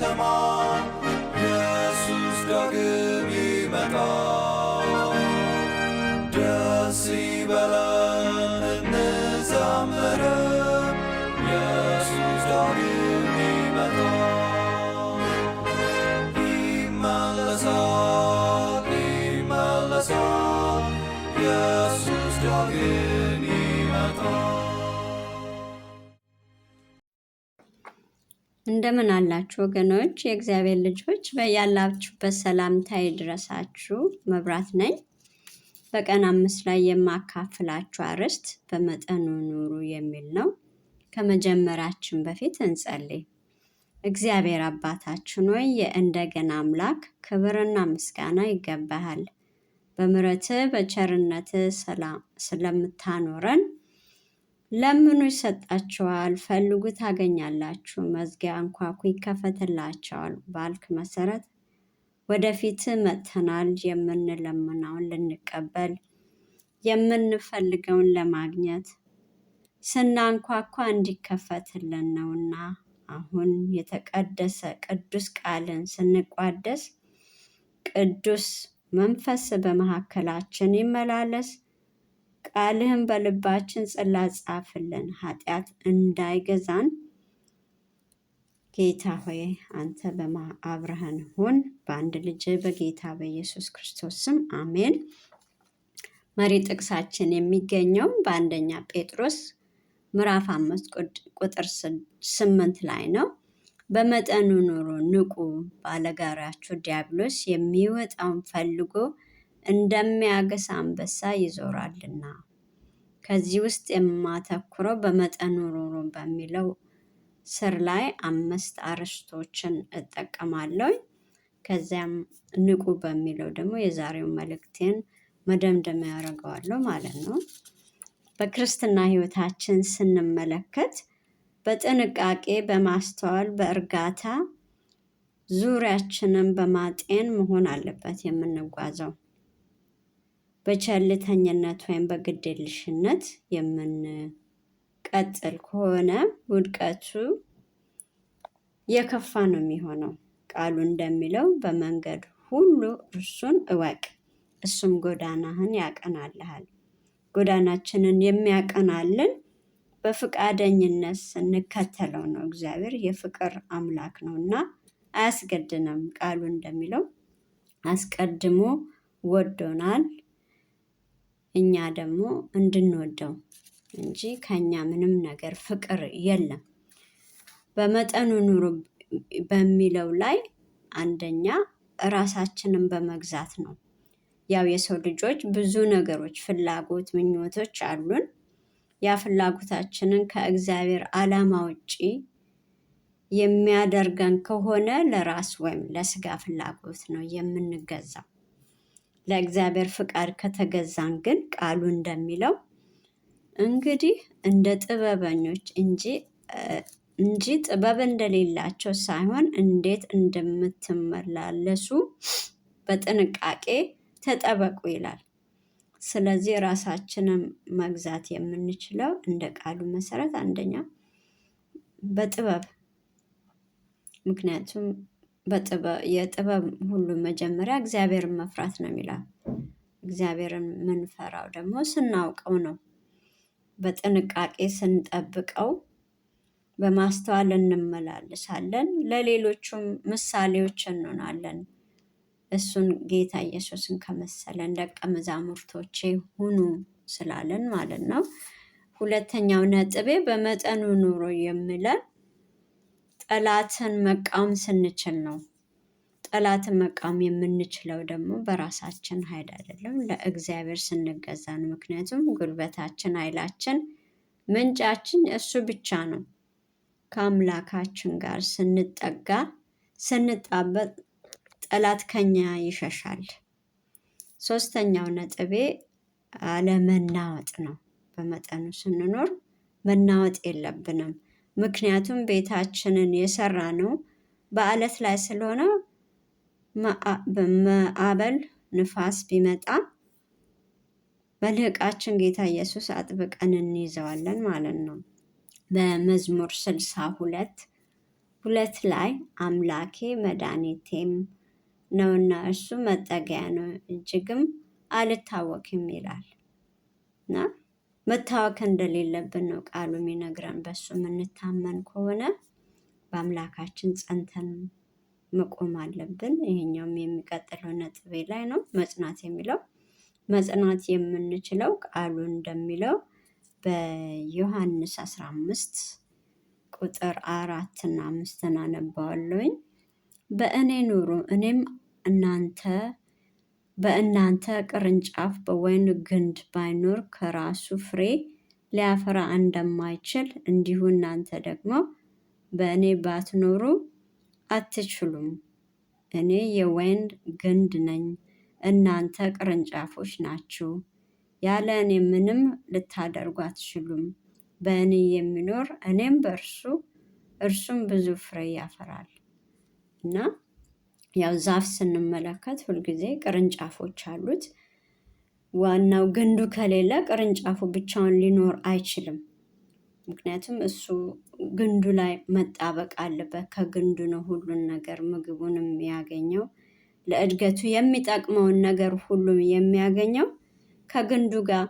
on. እንደምን አላችሁ ወገኖች፣ የእግዚአብሔር ልጆች በያላችሁበት ሰላምታ ይድረሳችሁ። መብራት ነኝ። በቀን አምስት ላይ የማካፍላችሁ አርዕስት በመጠኑ ኑሩ የሚል ነው። ከመጀመራችን በፊት እንጸልይ። እግዚአብሔር አባታችን ሆይ የእንደገና አምላክ ክብርና ምስጋና ይገባሃል። በምረትህ በቸርነትህ ስለምታኖረን ለምኑ ይሰጣችኋል፣ ፈልጉ ታገኛላችሁ፣ መዝጊያ አንኳኩ ይከፈትላቸዋል ባልክ መሰረት ወደፊት መጥተናል። የምንለምነውን ልንቀበል የምንፈልገውን ለማግኘት ስናንኳኳ እንዲከፈትልን ነውና አሁን የተቀደሰ ቅዱስ ቃልን ስንቋደስ ቅዱስ መንፈስ በመካከላችን ይመላለስ። ቃልህን በልባችን ጽላት ጻፍልን፣ ኃጢአት እንዳይገዛን። ጌታ ሆይ አንተ በማ አብረኸን ሁን። በአንድ ልጅ በጌታ በኢየሱስ ክርስቶስ ስም አሜን። መሪ ጥቅሳችን የሚገኘው በአንደኛ ጴጥሮስ ምዕራፍ አምስት ቁጥር ስምንት ላይ ነው። በመጠኑ ኑሩ፣ ንቁ፣ ባለጋራችሁ ዲያብሎስ የሚወጣውን ፈልጎ እንደሚያገስ አንበሳ ይዞራልና። ከዚህ ውስጥ የማተኩረው በመጠኑ ሩሩ በሚለው ስር ላይ አምስት አርዕስቶችን እጠቀማለሁ። ከዚያም ንቁ በሚለው ደግሞ የዛሬው መልእክቴን መደምደሚያ ያደርገዋለሁ ማለት ነው። በክርስትና ህይወታችን ስንመለከት በጥንቃቄ በማስተዋል በእርጋታ ዙሪያችንን በማጤን መሆን አለበት የምንጓዘው። በቸልተኝነት ወይም በግድልሽነት የምንቀጥል ከሆነ ውድቀቱ የከፋ ነው የሚሆነው። ቃሉ እንደሚለው በመንገድ ሁሉ እርሱን እወቅ፣ እሱም ጎዳናህን ያቀናልሃል። ጎዳናችንን የሚያቀናልን በፍቃደኝነት ስንከተለው ነው። እግዚአብሔር የፍቅር አምላክ ነው እና አያስገድንም። ቃሉ እንደሚለው አስቀድሞ ወዶናል እኛ ደግሞ እንድንወደው እንጂ ከኛ ምንም ነገር ፍቅር የለም። በመጠኑ ኑሩ በሚለው ላይ አንደኛ ራሳችንን በመግዛት ነው። ያው የሰው ልጆች ብዙ ነገሮች ፍላጎት፣ ምኞቶች አሉን። ያ ፍላጎታችንን ከእግዚአብሔር ዓላማ ውጪ የሚያደርገን ከሆነ ለራስ ወይም ለስጋ ፍላጎት ነው የምንገዛው። ለእግዚአብሔር ፍቃድ ከተገዛን ግን ቃሉ እንደሚለው እንግዲህ እንደ ጥበበኞች እንጂ እንጂ ጥበብ እንደሌላቸው ሳይሆን እንዴት እንደምትመላለሱ በጥንቃቄ ተጠበቁ ይላል። ስለዚህ ራሳችንን መግዛት የምንችለው እንደ ቃሉ መሰረት አንደኛ በጥበብ ምክንያቱም የጥበብ ሁሉ መጀመሪያ እግዚአብሔርን መፍራት ነው የሚላል። እግዚአብሔርን ምንፈራው ደግሞ ስናውቀው ነው። በጥንቃቄ ስንጠብቀው በማስተዋል እንመላለሳለን፣ ለሌሎቹም ምሳሌዎች እንሆናለን። እሱን ጌታ ኢየሱስን ከመሰለን ደቀ መዛሙርቶቼ ሁኑ ስላለን ማለት ነው። ሁለተኛው ነጥቤ በመጠኑ ኑሮ የሚለን ጠላትን መቃወም ስንችል ነው። ጠላትን መቃወም የምንችለው ደግሞ በራሳችን ኃይል አይደለም፣ ለእግዚአብሔር ስንገዛ ነው። ምክንያቱም ጉልበታችን፣ ኃይላችን፣ ምንጫችን እሱ ብቻ ነው። ከአምላካችን ጋር ስንጠጋ ስንጣበጥ ጠላት ከኛ ይሸሻል። ሶስተኛው ነጥቤ አለመናወጥ ነው። በመጠኑ ስንኖር መናወጥ የለብንም። ምክንያቱም ቤታችንን የሰራ ነው በአለት ላይ ስለሆነ ማዕበል ንፋስ ቢመጣ በልህቃችን ጌታ ኢየሱስ አጥብቀን እንይዘዋለን ማለት ነው። በመዝሙር ስልሳ ሁለት ሁለት ላይ አምላኬ መድኃኒቴም ነውና እሱ መጠጊያ ነው እጅግም አልታወክም ይላል እና መታወክ እንደሌለብን ነው ቃሉ የሚነግረን። በሱ የምንታመን ከሆነ በአምላካችን ጸንተን መቆም አለብን። ይሄኛውም የሚቀጥለው ነጥቤ ላይ ነው መጽናት የሚለው መጽናት የምንችለው ቃሉ እንደሚለው በዮሐንስ አስራ አምስት ቁጥር አራትና አምስትን አነባዋለሁኝ። በእኔ ኑሩ እኔም እናንተ በእናንተ ቅርንጫፍ በወይን ግንድ ባይኖር ከራሱ ፍሬ ሊያፈራ እንደማይችል እንዲሁ እናንተ ደግሞ በእኔ ባትኖሩ አትችሉም። እኔ የወይን ግንድ ነኝ፣ እናንተ ቅርንጫፎች ናችሁ። ያለ እኔ ምንም ልታደርጉ አትችሉም። በእኔ የሚኖር እኔም በእርሱ እርሱም ብዙ ፍሬ ያፈራል እና ያው ዛፍ ስንመለከት ሁልጊዜ ቅርንጫፎች አሉት። ዋናው ግንዱ ከሌለ ቅርንጫፉ ብቻውን ሊኖር አይችልም። ምክንያቱም እሱ ግንዱ ላይ መጣበቅ አለበት። ከግንዱ ነው ሁሉን ነገር ምግቡን የሚያገኘው፣ ለእድገቱ የሚጠቅመውን ነገር ሁሉም የሚያገኘው ከግንዱ ጋር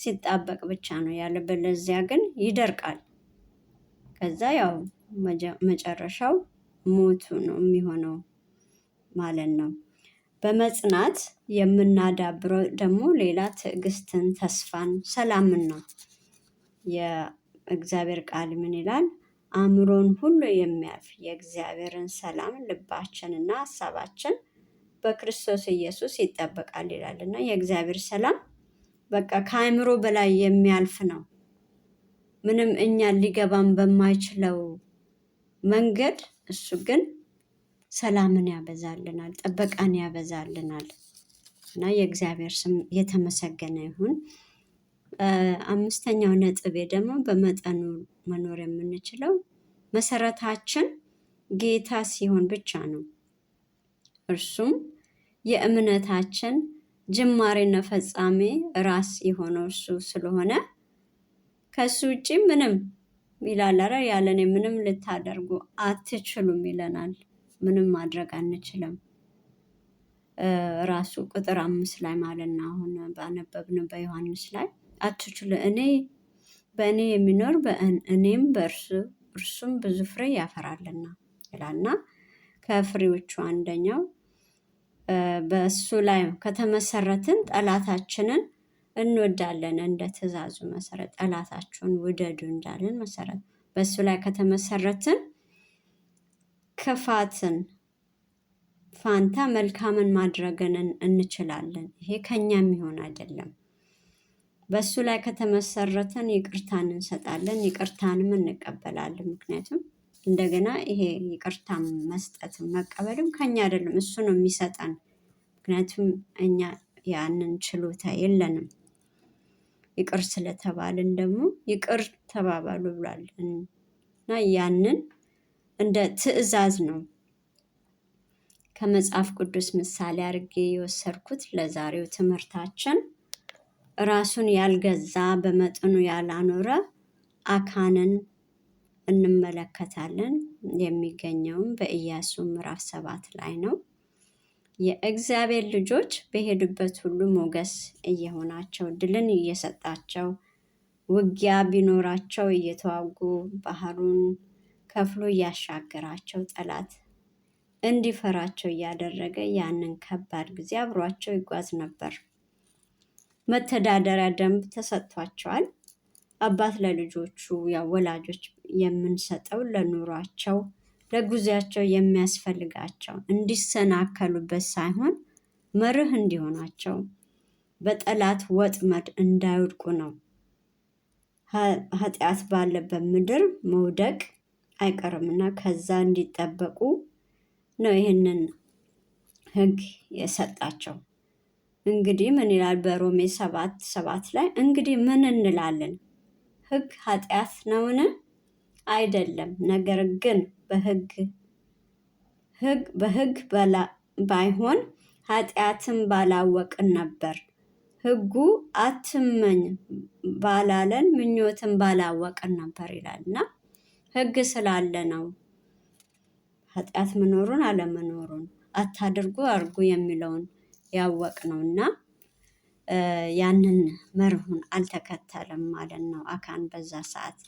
ሲጣበቅ ብቻ ነው። ያለበለዚያ ግን ይደርቃል። ከዛ ያው መጨረሻው ሞቱ ነው የሚሆነው። ማለት ነው። በመጽናት የምናዳብረው ደግሞ ሌላ ትዕግስትን፣ ተስፋን፣ ሰላምን ነው። የእግዚአብሔር ቃል ምን ይላል? አእምሮን ሁሉ የሚያልፍ የእግዚአብሔርን ሰላም ልባችንና ሀሳባችን በክርስቶስ ኢየሱስ ይጠበቃል ይላል እና የእግዚአብሔር ሰላም በቃ ከአእምሮ በላይ የሚያልፍ ነው። ምንም እኛን ሊገባን በማይችለው መንገድ እሱ ግን ሰላምን ያበዛልናል፣ ጥበቃን ያበዛልናል እና የእግዚአብሔር ስም የተመሰገነ ይሁን። አምስተኛው ነጥቤ ደግሞ በመጠኑ መኖር የምንችለው መሰረታችን ጌታ ሲሆን ብቻ ነው። እርሱም የእምነታችን ጅማሬና ፈጻሜ ራስ የሆነው እርሱ ስለሆነ ከእሱ ውጭ ምንም ይላል። ኧረ ምንም ልታደርጉ አትችሉም ይለናል። ምንም ማድረግ አንችልም። ራሱ ቁጥር አምስት ላይ ማለት ነው አሁን ባነበብን በዮሐንስ ላይ አትችሉ እኔ በእኔ የሚኖር እኔም በእርሱ እርሱም ብዙ ፍሬ ያፈራልና ይላልና ከፍሬዎቹ አንደኛው በእሱ ላይ ከተመሰረትን ጠላታችንን እንወዳለን እንደ ትእዛዙ መሰረት ጠላታችሁን ውደዱ እንዳለን መሰረት በእሱ ላይ ከተመሰረትን ክፋትን ፋንታ መልካምን ማድረግን እንችላለን። ይሄ ከኛ የሚሆን አይደለም። በእሱ ላይ ከተመሰረተን ይቅርታን እንሰጣለን፣ ይቅርታንም እንቀበላለን። ምክንያቱም እንደገና ይሄ ይቅርታ መስጠትም መቀበልም ከኛ አይደለም፣ እሱ ነው የሚሰጠን። ምክንያቱም እኛ ያንን ችሎታ የለንም። ይቅር ስለተባልን ደግሞ ይቅር ተባባሉ ብሏል እና ያንን እንደ ትዕዛዝ ነው። ከመጽሐፍ ቅዱስ ምሳሌ አድርጌ የወሰድኩት ለዛሬው ትምህርታችን ራሱን ያልገዛ በመጠኑ ያላኖረ አካንን እንመለከታለን። የሚገኘውም በኢያሱ ምዕራፍ ሰባት ላይ ነው። የእግዚአብሔር ልጆች በሄዱበት ሁሉ ሞገስ እየሆናቸው ድልን እየሰጣቸው ውጊያ ቢኖራቸው እየተዋጉ ባህሩን ከፍሎ እያሻገራቸው ጠላት እንዲፈራቸው እያደረገ ያንን ከባድ ጊዜ አብሯቸው ይጓዝ ነበር። መተዳደሪያ ደንብ ተሰጥቷቸዋል። አባት ለልጆቹ ያው ወላጆች የምንሰጠው ለኑሯቸው ለጉዜያቸው የሚያስፈልጋቸው እንዲሰናከሉበት ሳይሆን መርህ እንዲሆናቸው በጠላት ወጥመድ እንዳይወድቁ ነው። ኃጢአት ባለበት ምድር መውደቅ አይቀርም እና ከዛ እንዲጠበቁ ነው ይህንን ህግ የሰጣቸው። እንግዲህ ምን ይላል በሮሜ ሰባት ሰባት ላይ እንግዲህ ምን እንላለን? ህግ ኃጢአት ነውን? አይደለም። ነገር ግን በህግ ባይሆን ኃጢአትን ባላወቅን ነበር። ህጉ አትመኝ ባላለን ምኞትን ባላወቅን ነበር ይላል እና ህግ ስላለ ነው። ኃጢአት መኖሩን አለመኖሩን አታድርጉ አርጉ የሚለውን ያወቅ ነው እና ያንን መርሁን አልተከተለም ማለት ነው። አካን በዛ ሰዓት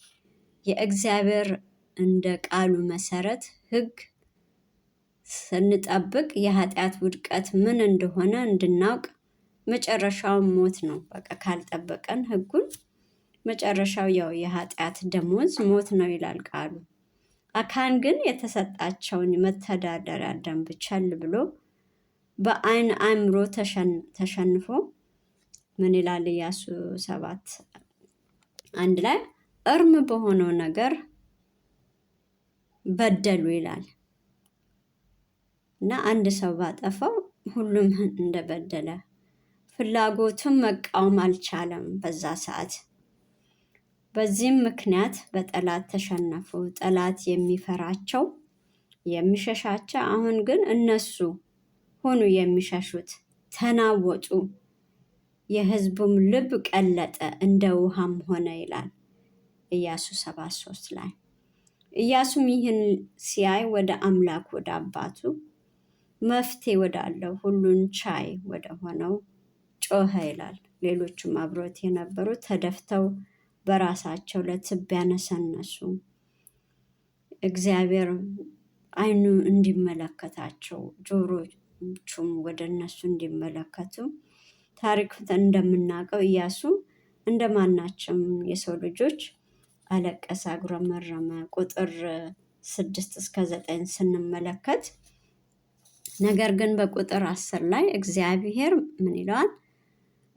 የእግዚአብሔር እንደ ቃሉ መሰረት ህግ ስንጠብቅ የኃጢአት ውድቀት ምን እንደሆነ እንድናውቅ መጨረሻውን ሞት ነው። በቃ ካልጠበቀን ህጉን። መጨረሻው ያው የኃጢአት ደሞዝ ሞት ነው ይላል ቃሉ። አካን ግን የተሰጣቸውን መተዳደሪያ ደንብ ቸል ብሎ በአይን አእምሮ ተሸንፎ ምን ይላል ኢያሱ ሰባት አንድ ላይ እርም በሆነው ነገር በደሉ ይላል እና አንድ ሰው ባጠፈው ሁሉም እንደበደለ ፍላጎቱን መቃወም አልቻለም በዛ ሰዓት በዚህም ምክንያት በጠላት ተሸነፉ። ጠላት የሚፈራቸው የሚሸሻቸው፣ አሁን ግን እነሱ ሆኑ የሚሸሹት። ተናወጡ፣ የህዝቡም ልብ ቀለጠ፣ እንደ ውሃም ሆነ ይላል ኢያሱ ሰባት ሶስት ላይ ኢያሱም ይህን ሲያይ ወደ አምላክ ወደ አባቱ መፍትሄ ወዳለው ሁሉን ቻይ ወደ ሆነው ጮኸ ይላል። ሌሎቹም አብሮት የነበሩ ተደፍተው በራሳቸው ለትብ ያነሰነሱ እግዚአብሔር አይኑ እንዲመለከታቸው ጆሮቹም ወደ እነሱ እንዲመለከቱ ታሪክ እንደምናውቀው እያሱ እንደማናቸው የሰው ልጆች አለቀሰ፣ አጉረመረመ። ቁጥር ስድስት እስከ ዘጠኝ ስንመለከት ነገር ግን በቁጥር አስር ላይ እግዚአብሔር ምን ይለዋል?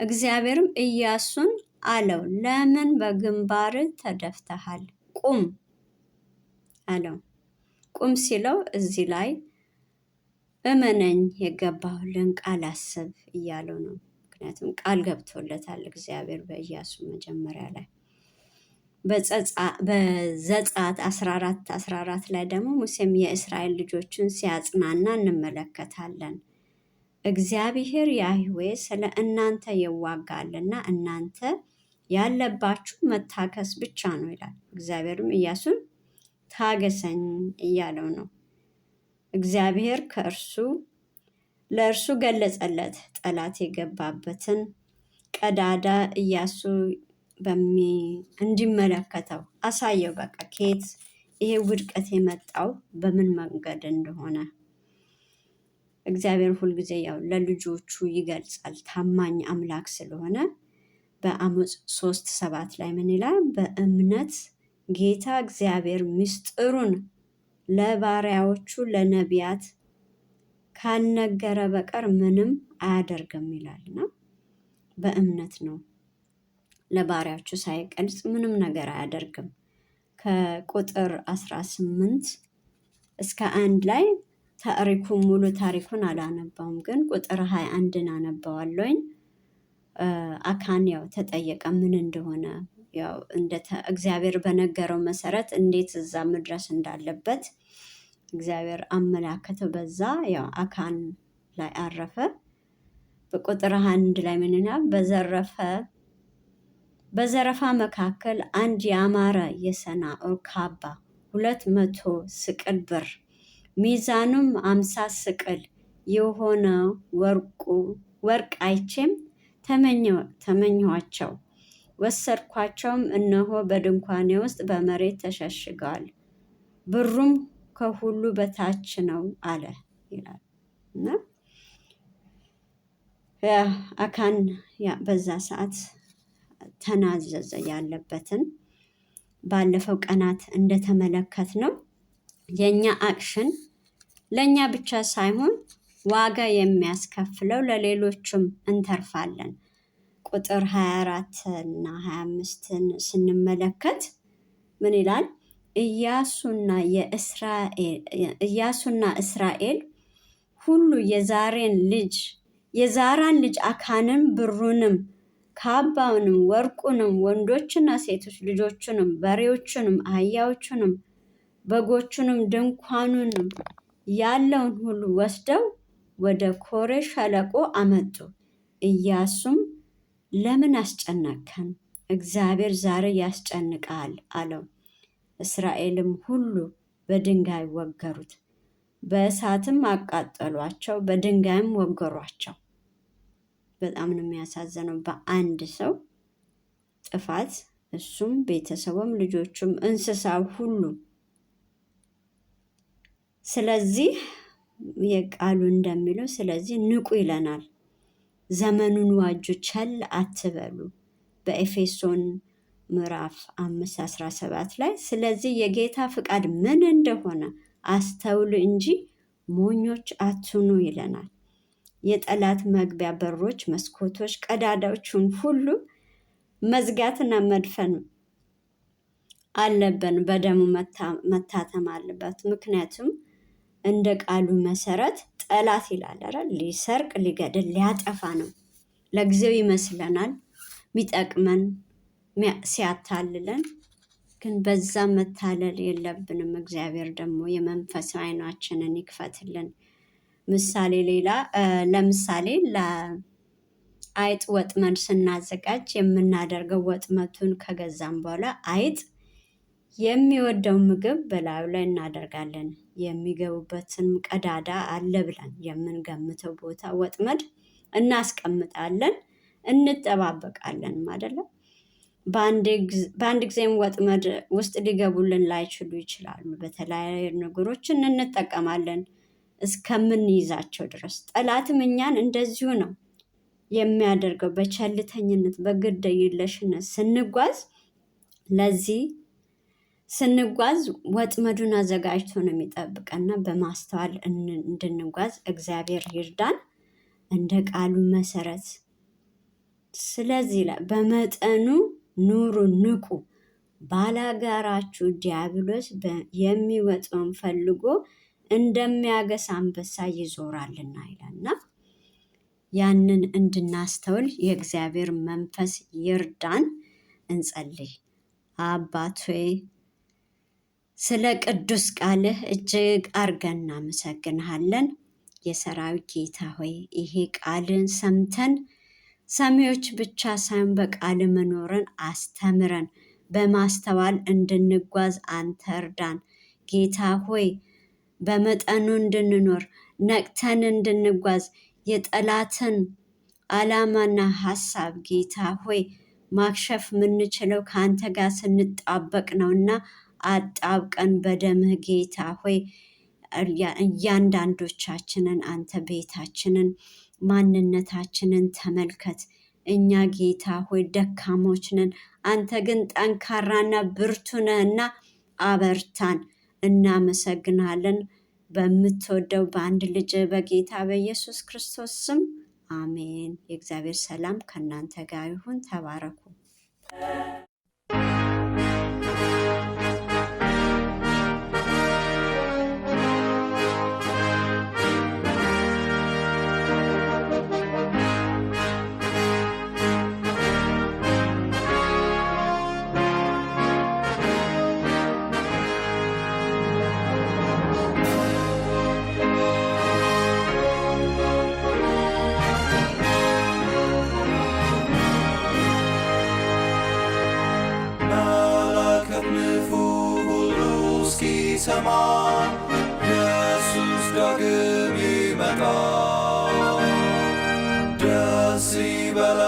እግዚአብሔርም እያሱን አለው። ለምን በግንባር ተደፍተሃል? ቁም አለው። ቁም ሲለው እዚህ ላይ እመነኝ፣ የገባሁልን ቃል አስብ እያለው ነው። ምክንያቱም ቃል ገብቶለታል እግዚአብሔር በኢያሱ መጀመሪያ ላይ በዘጸአት 14 14 ላይ ደግሞ ሙሴም የእስራኤል ልጆችን ሲያጽናና እንመለከታለን። እግዚአብሔር ያህዌ ስለ እናንተ ይዋጋልና እናንተ ያለባችሁ መታከስ ብቻ ነው ይላል። እግዚአብሔርም እያሱን ታገሰኝ እያለው ነው። እግዚአብሔር ከእርሱ ለእርሱ ገለጸለት። ጠላት የገባበትን ቀዳዳ እያሱ በሚ እንዲመለከተው አሳየው። በቃ ከየት ይሄ ውድቀት የመጣው በምን መንገድ እንደሆነ እግዚአብሔር ሁልጊዜ ያው ለልጆቹ ይገልጻል ታማኝ አምላክ ስለሆነ በአሞጽ ሶስት ሰባት ላይ ምን ይላል? በእምነት ጌታ እግዚአብሔር ምስጢሩን ለባሪያዎቹ ለነቢያት ካልነገረ በቀር ምንም አያደርግም ይላልና በእምነት ነው። ለባሪያዎቹ ሳይቀልጽ ምንም ነገር አያደርግም። ከቁጥር 18 እስከ አንድ ላይ ታሪኩን ሙሉ ታሪኩን አላነባውም፣ ግን ቁጥር 21ን አነባዋለኝ። አካን ያው ተጠየቀ ምን እንደሆነ ያው እንደ እግዚአብሔር በነገረው መሰረት እንዴት እዛ መድረስ እንዳለበት እግዚአብሔር አመላከተው። በዛ ያው አካን ላይ አረፈ። በቁጥር አንድ ላይ ምን ይላል? በዘረፈ በዘረፋ መካከል አንድ ያማረ የሰና ካባ ሁለት መቶ ስቅል ብር ሚዛኑም አምሳ ስቅል የሆነ ወርቁ ወርቅ አይቼም ተመኘኋቸው። ወሰድኳቸውም፣ እነሆ በድንኳኔ ውስጥ በመሬት ተሸሽገዋል። ብሩም ከሁሉ በታች ነው አለ ይላል እና አካን በዛ ሰዓት ተናዘዘ። ያለበትን ባለፈው ቀናት እንደተመለከት ነው የእኛ አክሽን ለእኛ ብቻ ሳይሆን ዋጋ የሚያስከፍለው ለሌሎችም እንተርፋለን። ቁጥር 24 እና 25ን ስንመለከት ምን ይላል? እያሱና እስራኤል ሁሉ የዛሬን ልጅ የዛራን ልጅ አካንን ብሩንም ካባውንም ወርቁንም ወንዶችና ሴቶች ልጆቹንም በሬዎቹንም አህያዎቹንም በጎቹንም ድንኳኑንም ያለውን ሁሉ ወስደው ወደ ኮሬ ሸለቆ አመጡ። ኢያሱም ለምን አስጨነቅከን? እግዚአብሔር ዛሬ ያስጨንቃል አለው። እስራኤልም ሁሉ በድንጋይ ወገሩት፣ በእሳትም አቃጠሏቸው፣ በድንጋይም ወገሯቸው። በጣም ነው የሚያሳዝነው በአንድ ሰው ጥፋት እሱም ቤተሰቡም ልጆቹም እንስሳ ሁሉ። ስለዚህ የቃሉ እንደሚለው ስለዚህ ንቁ ይለናል። ዘመኑን ዋጁ፣ ቸል አትበሉ በኤፌሶን ምዕራፍ አምስት አስራ ሰባት ላይ ስለዚህ የጌታ ፍቃድ ምን እንደሆነ አስተውል እንጂ ሞኞች አትኑ ይለናል። የጠላት መግቢያ በሮች፣ መስኮቶች፣ ቀዳዳዎችን ሁሉ መዝጋትና መድፈን አለብን። በደሙ መታተም አለበት። ምክንያቱም እንደ ቃሉ መሰረት ጠላት ይላል አይደል? ሊሰርቅ፣ ሊገድል፣ ሊያጠፋ ነው። ለጊዜው ይመስለናል ሚጠቅመን ሲያታልለን፣ ግን በዛ መታለል የለብንም። እግዚአብሔር ደግሞ የመንፈስ አይናችንን ይክፈትልን። ምሳሌ ሌላ ለምሳሌ ለአይጥ ወጥመድ ስናዘጋጅ የምናደርገው ወጥመቱን ከገዛም በኋላ አይጥ የሚወደውን ምግብ በላዩ ላይ እናደርጋለን። የሚገቡበትን ቀዳዳ አለ ብለን የምንገምተው ቦታ ወጥመድ እናስቀምጣለን፣ እንጠባበቃለን አይደለም። በአንድ ጊዜም ወጥመድ ውስጥ ሊገቡልን ላይችሉ ይችላሉ። በተለያዩ ነገሮችን እንጠቀማለን እስከምንይዛቸው ድረስ። ጠላትም እኛን እንደዚሁ ነው የሚያደርገው። በቸልተኝነት በግድ የለሽነት ስንጓዝ ለዚህ ስንጓዝ ወጥመዱን አዘጋጅቶ ነው የሚጠብቀና በማስተዋል እንድንጓዝ እግዚአብሔር ይርዳን እንደ ቃሉ መሰረት። ስለዚህ በመጠኑ ኑሩ፣ ንቁ። ባላጋራችሁ ዲያብሎስ የሚወጣውን ፈልጎ እንደሚያገስ አንበሳ ይዞራልና ይላልና ያንን እንድናስተውል የእግዚአብሔር መንፈስ ይርዳን። እንጸልይ። አባት ሆይ ስለ ቅዱስ ቃልህ እጅግ አርገን እናመሰግንሃለን። የሰራዊት ጌታ ሆይ ይሄ ቃልን ሰምተን ሰሚዎች ብቻ ሳይሆን በቃል መኖርን አስተምረን በማስተዋል እንድንጓዝ አንተ እርዳን። ጌታ ሆይ በመጠኑ እንድንኖር ነቅተን እንድንጓዝ የጠላትን ዓላማና ሀሳብ ጌታ ሆይ ማክሸፍ የምንችለው ከአንተ ጋር ስንጣበቅ ነውና አጣብቀን በደምህ ጌታ ሆይ እያንዳንዶቻችንን አንተ ቤታችንን ማንነታችንን ተመልከት። እኛ ጌታ ሆይ ደካሞች ነን፣ አንተ ግን ጠንካራና ብርቱ ነህና አበርታን። እናመሰግናለን። በምትወደው በአንድ ልጅ በጌታ በኢየሱስ ክርስቶስ ስም አሜን። የእግዚአብሔር ሰላም ከእናንተ ጋር ይሁን። ተባረኩ። ስንሰማ ኢየሱስ ዳግም ይመጣ ደስ ይበላ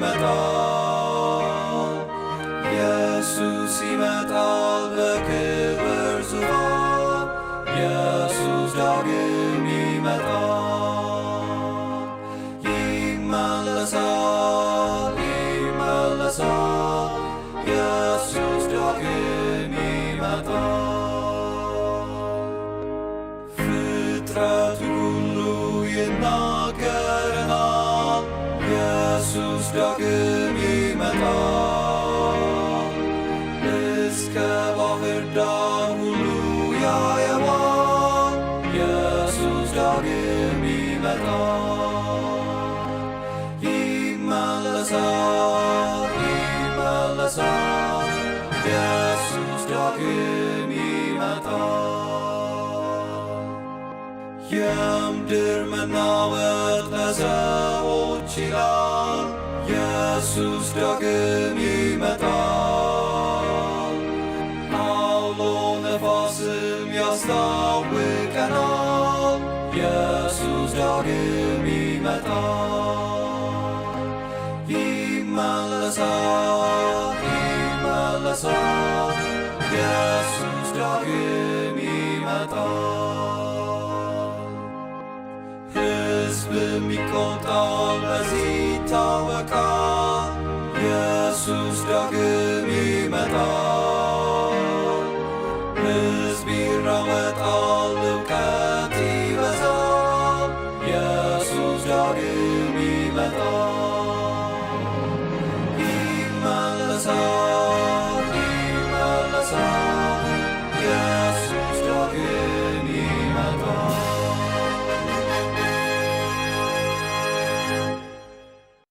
ይመጣ ኢየሱስ ይመጣ ዳግም ይመጣል፣ ይመለሳል፣ ይመለሳል። ኢየሱስ ዳግም ይመጣል። የምድር መናወጥ ለሰዎች ይላል ኢየሱስ ዳግም ኢየሱስ ዳግም ይመጣል፣ ሕዝብም ይቆጣል በዚህ